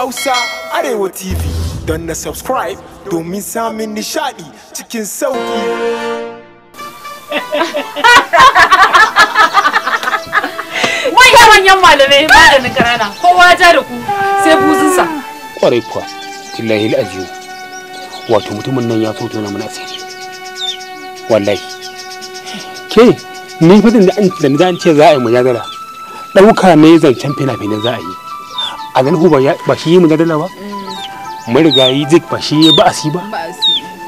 Hausa Arewa TV don na subscribe domin samun nishaɗi cikin sauƙi. Manyan manyan malamai ba da karana kowa ja da ku sai buzunsa. kware kuwa, killahi ajiyo. Wato mutumin nan ya fito na mana asiri. Wallahi. Ke, ni fadin da an ce za a yi mujagara. Ɗauka ne zancen fina-finan za a yi. a ganin ba ba shi mu dala ba marigayi mm. zik ba shi ba a si ba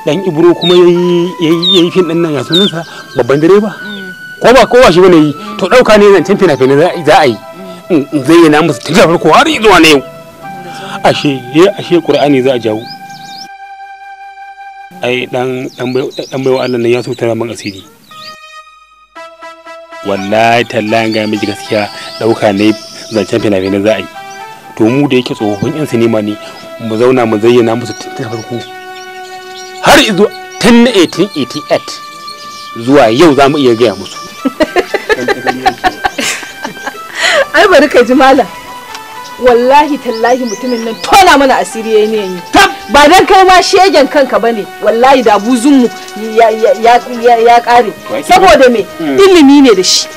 dan ibro kuma ya yi fin din nan ya babban dare ba mm. ko ba ko ba shi bane yi mm. to dauka ne tafi na fina za a yi zai yana musu tafiya da farko har zuwa na yau ashe ya ashe qur'ani za a jawo ai dan dan Allah nan ya so man asiri wallahi tallan ga miji gaskiya dauka ne zancen fina-finai za a yi to mu da yake tsohon yan sinima ne mu zauna mu zayyana musu tun har izo 1888 zuwa yau za mu iya gaya musu ai bari ka ji malam wallahi tallahi mutumin nan tona mana asiri ya ne yi ba dan kai ma shegen kanka ba ne, wallahi da buzun ya ya kare saboda me hmm. ilimi ne da shi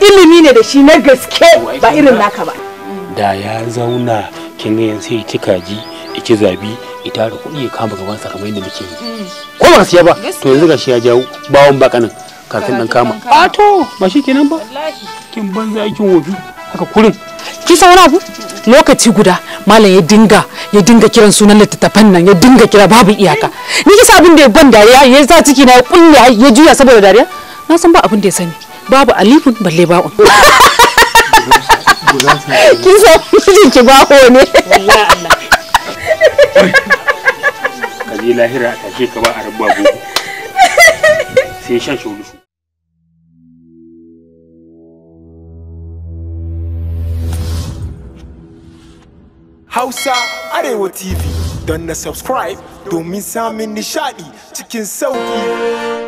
ilimi ne da shi na gaske ba irin naka ba da ya zauna kin ga yanzu ya kika ji iki zabi ita da kuɗi ya kama gaban sa kamar yadda nake yi ko ba siya ba to yanzu gashi ya jawo bawon bakanin kafin dan kama a to ba shi kenan ba kin banza kin wofi haka kurin ki san wani abu lokaci guda malam ya dinga ya dinga kiran sunan littattafan nan ya dinga kira babu iyaka ni kisa abin da ya ban dariya ya sa ciki na ya kunya ya juya saboda dariya na san ba abin da ya sani babu alifun balle ba'un kin san mijin ki baho ne lahira a ka ba a Hausa Arewa TV don na subscribe domin samun nishaɗi cikin sauƙi.